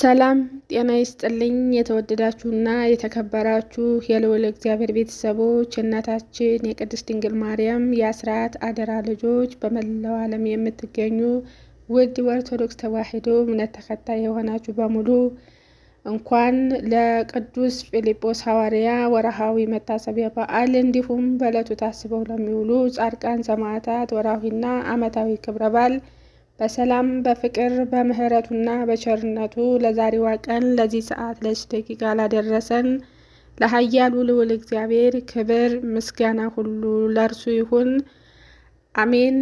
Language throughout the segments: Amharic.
ሰላም ጤና ይስጥልኝ። የተወደዳችሁና የተከበራችሁ የልዑል እግዚአብሔር ቤተሰቦች እናታችን የቅድስት ድንግል ማርያም የአስራት አደራ ልጆች በመላው ዓለም የምትገኙ ውድ ኦርቶዶክስ ተዋሕዶ እምነት ተከታይ የሆናችሁ በሙሉ እንኳን ለቅዱስ ፊልጶስ ሐዋርያ ወርሃዊ መታሰቢያ በዓል እንዲሁም በዕለቱ ታስበው ለሚውሉ ጻድቃን ሰማዕታት ወርሃዊና ዓመታዊ ክብረ በዓል በሰላም በፍቅር በምህረቱና በቸርነቱ ለዛሬዋ ቀን ለዚህ ሰዓት ለች ደቂቃ ላደረሰን ለኃያሉ ልዑል እግዚአብሔር ክብር ምስጋና ሁሉ ለእርሱ ይሁን፣ አሜን።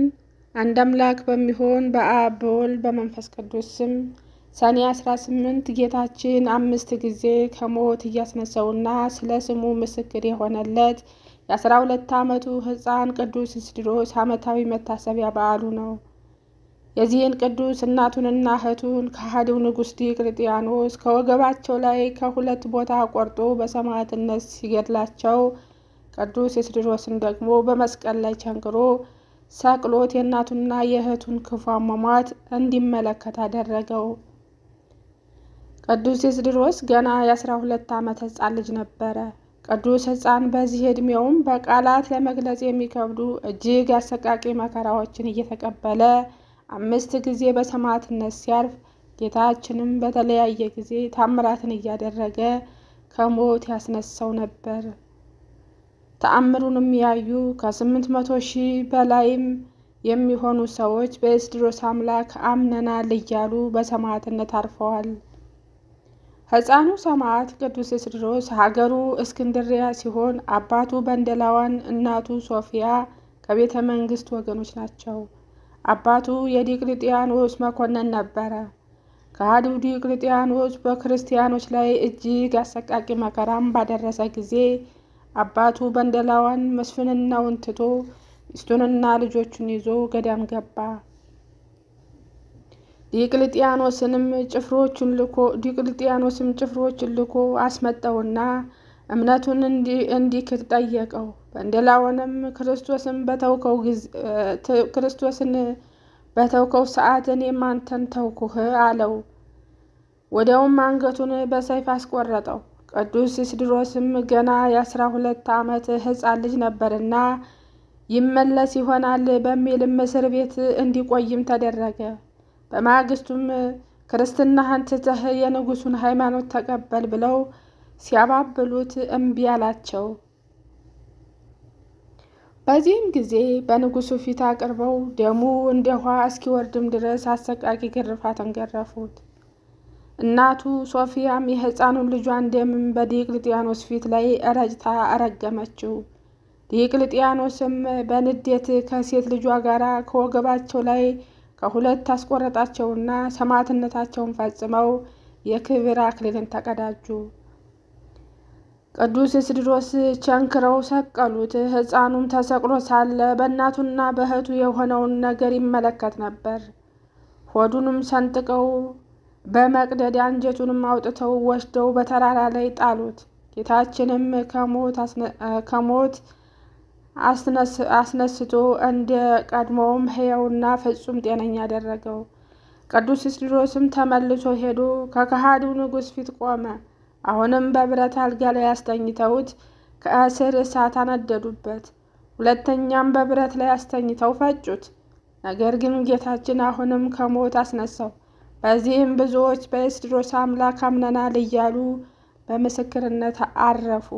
አንድ አምላክ በሚሆን በአብ በወልድ በመንፈስ ቅዱስ ስም ሰኔ 18 ጌታችን አምስት ጊዜ ከሞት እያስነሳውና ስለ ስሙ ምስክር የሆነለት የአስራ ሁለት ዓመቱ ሕፃን ቅዱስ ስድሮስ ዓመታዊ መታሰቢያ በዓሉ ነው። የዚህን ቅዱስ እናቱንና እህቱን ከሃዲው ንጉሥ ዲዮቅልጥያኖስ ከወገባቸው ላይ ከሁለት ቦታ ቆርጦ በሰማዕትነት ሲገድላቸው ቅዱስ ኤስድሮስን ደግሞ በመስቀል ላይ ቸንክሮ ሰቅሎት የእናቱና የእህቱን ክፉ አሟሟት እንዲመለከት አደረገው። ቅዱስ ኤስድሮስ ገና የአስራ ሁለት ዓመት ሕፃን ልጅ ነበረ። ቅዱስ ሕፃን በዚህ ዕድሜውም በቃላት ለመግለጽ የሚከብዱ እጅግ አሰቃቂ መከራዎችን እየተቀበለ አምስት ጊዜ በሰማዕትነት ሲያርፍ ጌታችንም በተለያየ ጊዜ ታምራትን እያደረገ ከሞት ያስነሳው ነበር። ተአምሩንም ያዩ ከስምንት መቶ ሺህ በላይም የሚሆኑ ሰዎች በኤስድሮስ አምላክ አምነናል እያሉ በሰማዕትነት አርፈዋል። ሕፃኑ ሰማዕት ቅዱስ ኤስድሮስ ሀገሩ እስክንድሪያ ሲሆን አባቱ በንደላዋን፣ እናቱ ሶፊያ ከቤተ መንግስት ወገኖች ናቸው። አባቱ የዲቅልጥያኖስ መኮንን ነበረ። ከሃዲው ዲቅልጥያኖስ በክርስቲያኖች ላይ እጅግ አሰቃቂ መከራም ባደረሰ ጊዜ አባቱ በንደላዋን መስፍንናውን ትቶ ሚስቱንና ልጆቹን ይዞ ገዳም ገባ። ዲቅልጥያኖስንም ጭፍሮቹን ልኮ ዲቅልጥያኖስም ጭፍሮቹን ልኮ አስመጠውና እምነቱን እንዲክድ ጠየቀው። በንደላውንም ክርስቶስን በተውከው ክርስቶስን በተውከው ሰዓት እኔም አንተን ተውኩህ አለው። ወዲያውም አንገቱን በሰይፍ አስቆረጠው። ቅዱስ ኢስድሮስም ገና የአስራ ሁለት ዓመት ሕፃን ልጅ ነበርና ይመለስ ይሆናል በሚልም እስር ቤት እንዲቆይም ተደረገ። በማግስቱም ክርስትናህን ትተህ የንጉሱን ሃይማኖት ተቀበል ብለው ሲያባብሉት እምቢ አላቸው። በዚህም ጊዜ በንጉሱ ፊት አቅርበው ደሙ እንደ ውሃ እስኪወርድም ድረስ አሰቃቂ ግርፋትን ገረፉት። እናቱ ሶፊያም የሕፃኑን ልጇን ደምን በዲቅልጥያኖስ ፊት ላይ ረጭታ አረገመችው። ዲቅልጥያኖስም በንዴት ከሴት ልጇ ጋር ከወገባቸው ላይ ከሁለት አስቆረጣቸውና ሰማዕትነታቸውን ፈጽመው የክብር አክሊልን ተቀዳጁ። ቅዱስ እስድሮስ ቸንክረው ሰቀሉት። ሕፃኑም ተሰቅሎ ሳለ በእናቱና በእህቱ የሆነውን ነገር ይመለከት ነበር። ሆዱንም ሰንጥቀው በመቅደድ አንጀቱንም አውጥተው ወስደው በተራራ ላይ ጣሉት። ጌታችንም ከሞት አስነስቶ እንደ ቀድሞውም ሕያውና ፍጹም ጤነኛ አደረገው። ቅዱስ እስድሮስም ተመልሶ ሄዶ ከካሃዱ ንጉሥ ፊት ቆመ። አሁንም በብረት አልጋ ላይ አስተኝተውት ከእስር እሳት አነደዱበት። ሁለተኛም በብረት ላይ አስተኝተው ፈጩት። ነገር ግን ጌታችን አሁንም ከሞት አስነሳው። በዚህም ብዙዎች በኤስድሮስ አምላክ አምነናል እያሉ በምስክርነት አረፉ።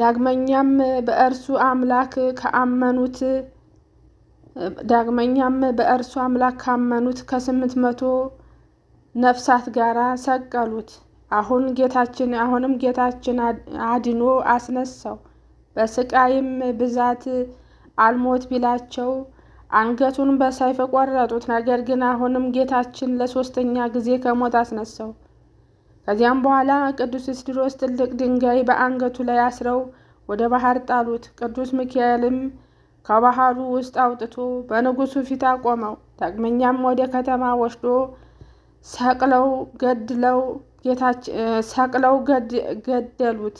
ዳግመኛም በእርሱ አምላክ ከአመኑት ዳግመኛም በእርሱ አምላክ ካመኑት ከስምንት መቶ ነፍሳት ጋር ሰቀሉት። አሁን ጌታችን አሁንም ጌታችን አድኖ አስነሳው። በስቃይም ብዛት አልሞት ቢላቸው አንገቱን በሰይፍ ቆረጡት። ነገር ግን አሁንም ጌታችን ለሶስተኛ ጊዜ ከሞት አስነሳው። ከዚያም በኋላ ቅዱስ እስድሮስ ትልቅ ድንጋይ በአንገቱ ላይ አስረው ወደ ባህር ጣሉት። ቅዱስ ሚካኤልም ከባህሩ ውስጥ አውጥቶ በንጉሱ ፊት አቆመው። ዳግመኛም ወደ ከተማ ወስዶ ሰቅለው ገድለው ሰቅለው ገደሉት።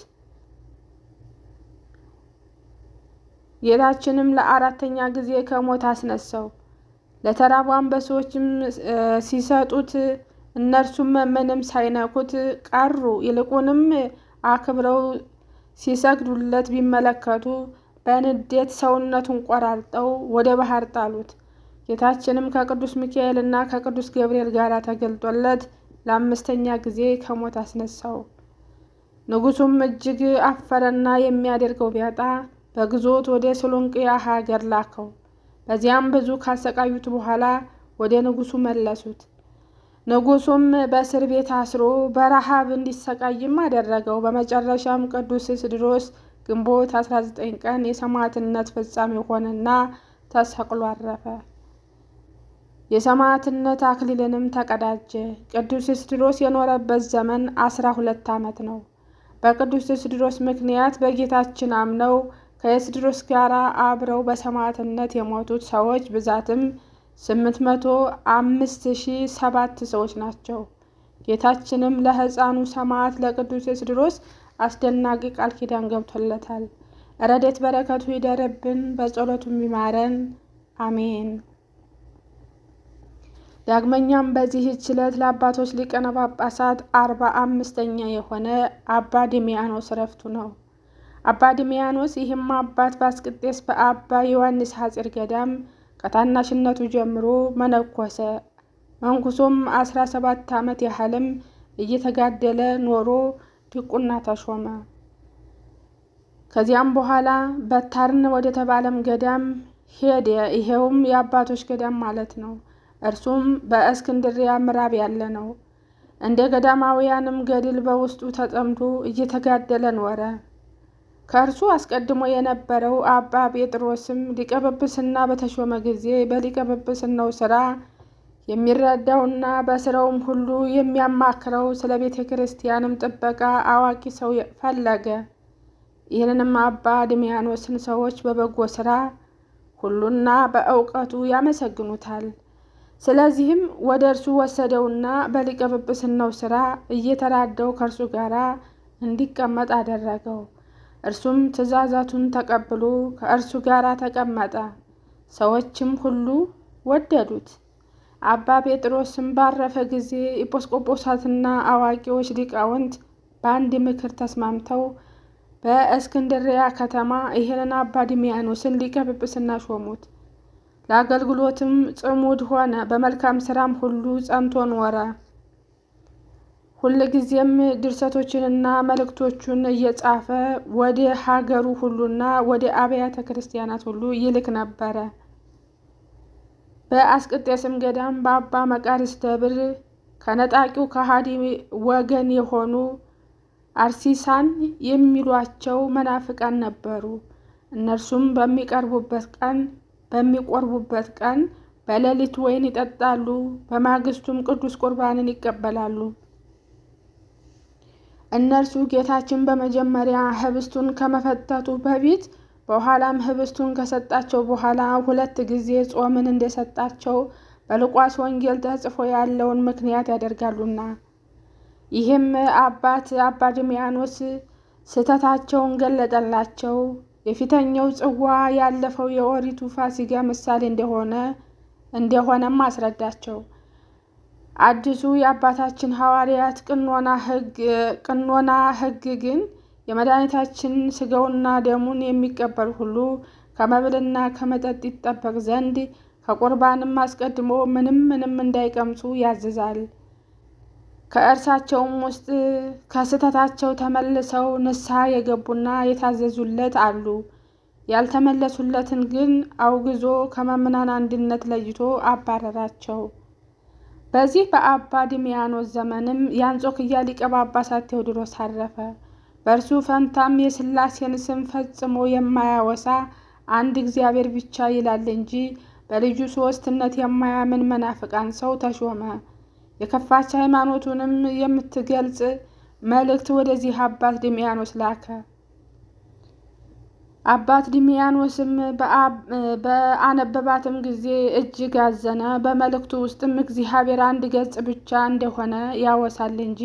ጌታችንም ለአራተኛ ጊዜ ከሞት አስነሳው። ለተራቡ አንበሶችም ሲሰጡት እነርሱም ምንም ሳይነኩት ቀሩ። ይልቁንም አክብረው ሲሰግዱለት ቢመለከቱ በንዴት ሰውነቱን ቆራርጠው ወደ ባህር ጣሉት። ጌታችንም ከቅዱስ ሚካኤል እና ከቅዱስ ገብርኤል ጋር ተገልጦለት ለአምስተኛ ጊዜ ከሞት አስነሳው። ንጉሱም እጅግ አፈረና የሚያደርገው ቢያጣ በግዞት ወደ ሰሎንቅያ ሀገር ላከው። በዚያም ብዙ ካሰቃዩት በኋላ ወደ ንጉሱ መለሱት። ንጉሱም በእስር ቤት አስሮ በረሃብ እንዲሰቃይም አደረገው። በመጨረሻም ቅዱስ ስድሮስ ግንቦት 19 ቀን የሰማዕትነት ፍጻሜ ሆነና ተሰቅሎ አረፈ። የሰማዕትነት አክሊልንም ተቀዳጀ። ቅዱስ እስድሮስ የኖረበት ዘመን አስራ ሁለት ዓመት ነው። በቅዱስ እስድሮስ ምክንያት በጌታችን አምነው ከእስድሮስ ጋር አብረው በሰማዕትነት የሞቱት ሰዎች ብዛትም ስምንት መቶ አምስት ሺ ሰባት ሰዎች ናቸው። ጌታችንም ለሕፃኑ ሰማዕት ለቅዱስ እስድሮስ አስደናቂ ቃል ኪዳን ገብቶለታል። ረዴት በረከቱ ይደርብን፣ በጸሎቱ ይማረን፣ አሜን። ዳግመኛም በዚህች ዕለት ለአባቶች ሊቀነ ጳጳሳት አርባ አምስተኛ የሆነ አባ ረፍቱ ነው። አባ ድሜያኖስ ይህም አባት በአስቅጤስ በአባ ዮሐንስ ሐጺር ገዳም ከታናሽነቱ ጀምሮ መነኮሰ። መንኩሶም አስራ ሰባት ዓመት ያህልም እየተጋደለ ኖሮ ዲቁና ተሾመ። ከዚያም በኋላ በታርን ወደ ተባለም ገዳም ሄደ። ይሄውም የአባቶች ገዳም ማለት ነው። እርሱም በእስክንድሪያ ምዕራብ ያለ ነው። እንደ ገዳማውያንም ገድል በውስጡ ተጠምዶ እየተጋደለ ኖረ። ከእርሱ አስቀድሞ የነበረው አባ ጴጥሮስም ሊቀ ጵጵስና በተሾመ ጊዜ በሊቀ ጵጵስናው ሥራ የሚረዳውና በስራውም ሁሉ የሚያማክረው ስለ ቤተ ክርስቲያንም ጥበቃ አዋቂ ሰው ፈለገ። ይህንንም አባ ድሚያኖስን ሰዎች በበጎ ስራ ሁሉና በእውቀቱ ያመሰግኑታል። ስለዚህም ወደ እርሱ ወሰደውና በሊቀ ጵጵስናው ስራ እየተራደው ከእርሱ ጋር እንዲቀመጥ አደረገው። እርሱም ትእዛዛቱን ተቀብሎ ከእርሱ ጋር ተቀመጠ። ሰዎችም ሁሉ ወደዱት። አባ ጴጥሮስም ባረፈ ጊዜ ኤጲስቆጶሳትና አዋቂዎች ሊቃውንት በአንድ ምክር ተስማምተው በእስክንድርያ ከተማ ይህንን አባ ድሚያኖስን ሊቀ ጵጵስና ሾሙት። ለአገልግሎትም ጽሙድ ሆነ፣ በመልካም ስራም ሁሉ ጸንቶ ኖረ። ሁልጊዜም ድርሰቶችንና መልእክቶቹን እየጻፈ ወደ ሀገሩ ሁሉና ወደ አብያተ ክርስቲያናት ሁሉ ይልክ ነበረ። በአስቅጤስም ገዳም በአባ መቃርስ ደብር ከነጣቂው ከሃዲ ወገን የሆኑ አርሲሳን የሚሏቸው መናፍቃን ነበሩ። እነርሱም በሚቀርቡበት ቀን በሚቆርቡበት ቀን በሌሊት ወይን ይጠጣሉ፣ በማግስቱም ቅዱስ ቁርባንን ይቀበላሉ። እነርሱ ጌታችን በመጀመሪያ ህብስቱን ከመፈተቱ በፊት በኋላም ህብስቱን ከሰጣቸው በኋላ ሁለት ጊዜ ጾምን እንደሰጣቸው በሉቃስ ወንጌል ተጽፎ ያለውን ምክንያት ያደርጋሉና። ይህም አባት አባ ድሚያኖስ ስህተታቸውን ገለጠላቸው። የፊተኛው ጽዋ ያለፈው የኦሪቱ ፋሲጋ ምሳሌ እንደሆነ እንደሆነም አስረዳቸው። አዲሱ የአባታችን ሐዋርያት ቅኖና ሕግ ግን የመድኃኒታችን ስጋውና ደሙን የሚቀበል ሁሉ ከመብልና ከመጠጥ ይጠበቅ ዘንድ ከቁርባንም አስቀድሞ ምንም ምንም እንዳይቀምሱ ያዝዛል። ከእርሳቸውም ውስጥ ከስህተታቸው ተመልሰው ንስሐ የገቡና የታዘዙለት አሉ። ያልተመለሱለትን ግን አውግዞ ከመምናን አንድነት ለይቶ አባረራቸው። በዚህ በአባ ድሚያኖስ ዘመንም የአንጾክያ ሊቀ ጳጳሳት ቴዎድሮስ አረፈ። በእርሱ ፈንታም የስላሴን ስም ፈጽሞ የማያወሳ አንድ እግዚአብሔር ብቻ ይላል እንጂ በልዩ ሶስትነት የማያምን መናፍቃን ሰው ተሾመ። የከፋች ሃይማኖቱንም የምትገልጽ መልእክት ወደዚህ አባት ድሚያኖስ ላከ። አባት ድሚያኖስም በአነበባትም ጊዜ እጅግ አዘነ። በመልእክቱ ውስጥም እግዚአብሔር አንድ ገጽ ብቻ እንደሆነ ያወሳል እንጂ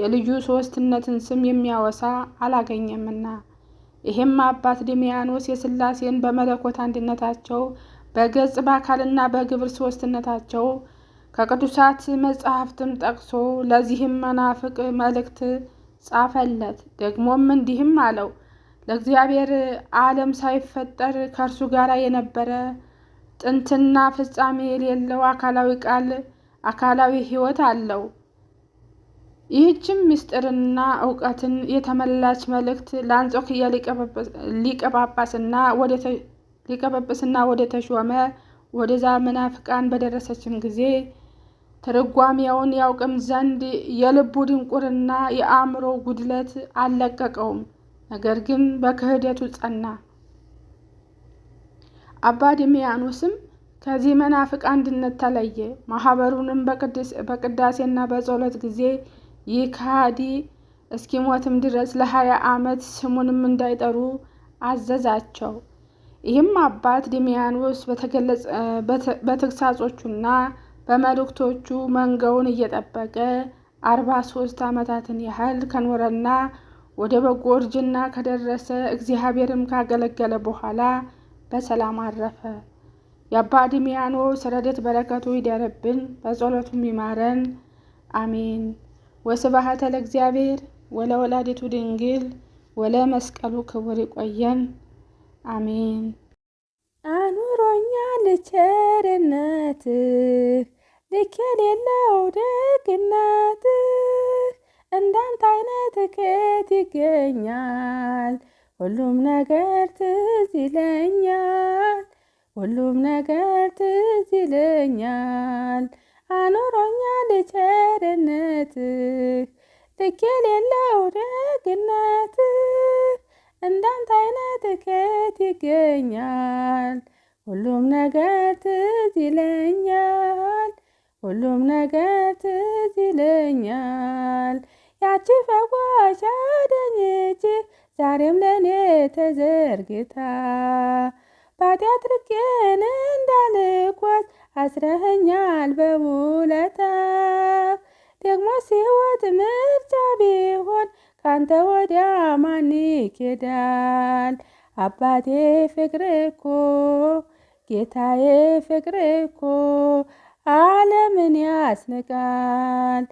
የልዩ ሶስትነትን ስም የሚያወሳ አላገኘምና። ይህም አባት ድሚያኖስ የስላሴን በመለኮት አንድነታቸው በገጽ በአካልና በግብር ሶስትነታቸው ከቅዱሳት መጽሐፍትም ጠቅሶ ለዚህም መናፍቅ መልእክት ጻፈለት። ደግሞም እንዲህም አለው ለእግዚአብሔር ዓለም ሳይፈጠር ከእርሱ ጋር የነበረ ጥንትና ፍጻሜ የሌለው አካላዊ ቃል አካላዊ ሕይወት አለው። ይህችም ምስጢርና እውቀትን የተመላች መልእክት ለአንጾኪያ ሊቀ ጳጳስና ወደ ተሾመ ወደዛ መናፍቃን በደረሰችም ጊዜ ትርጓሜውን ያውቅም ዘንድ የልቡ ድንቁርና የአእምሮ ጉድለት አልለቀቀውም። ነገር ግን በክህደቱ ጸና። አባ ድሚያኖስም ከዚህ መናፍቅ አንድነት ተለየ። ማህበሩንም በቅዳሴና በጸሎት ጊዜ ይህ ከሃዲ እስኪሞትም ድረስ ለሀያ ዓመት ስሙንም እንዳይጠሩ አዘዛቸው። ይህም አባት ድሜያኖስ በተግሳጾቹና በመልእክቶቹ መንጋውን እየጠበቀ አርባ ሶስት ዓመታትን ያህል ከኖረና ወደ በጎ እርጅና ከደረሰ እግዚአብሔርም ካገለገለ በኋላ በሰላም አረፈ። የአባ ድሚያኖ ስረደት በረከቱ ይደርብን፣ በጸሎቱም ይማረን፣ አሜን። ወስብሐት ለእግዚአብሔር ወላዴቱ ድንግል ወለ መስቀሉ ክቡር ይቆየን፣ አሜን። አኑሮኛ ቸርነትህ ልክ የሌለው ደግነትህ እንዳንተ አይነት ከየት ይገኛል? ሁሉም ነገር ትዝ ይለኛል፣ ሁሉም ነገር ትዝ ይለኛል። አኖሮኛል ቸርነትህ ልክ የሌለው ደግነትህ እንዳንተ አይነት ከየት ይገኛል? ሁሉም ነገር ትዝ ይለኛል ሁሉም ነገር ትዝ ይለኛል። ያቺ ፈዋሽ አዳኝ ዛሬም ለእኔ ተዘርግታ ባጢአት ርቄን እንዳልኳት አስረኸኛል በውለታ ደግሞ ሲወት ምርጫ ቢሆን ካንተ ወዲያ ማን ይኬዳል? አባቴ ፍቅር እኮ ጌታዬ ፍቅር እኮ ዓለምን ያስንቃል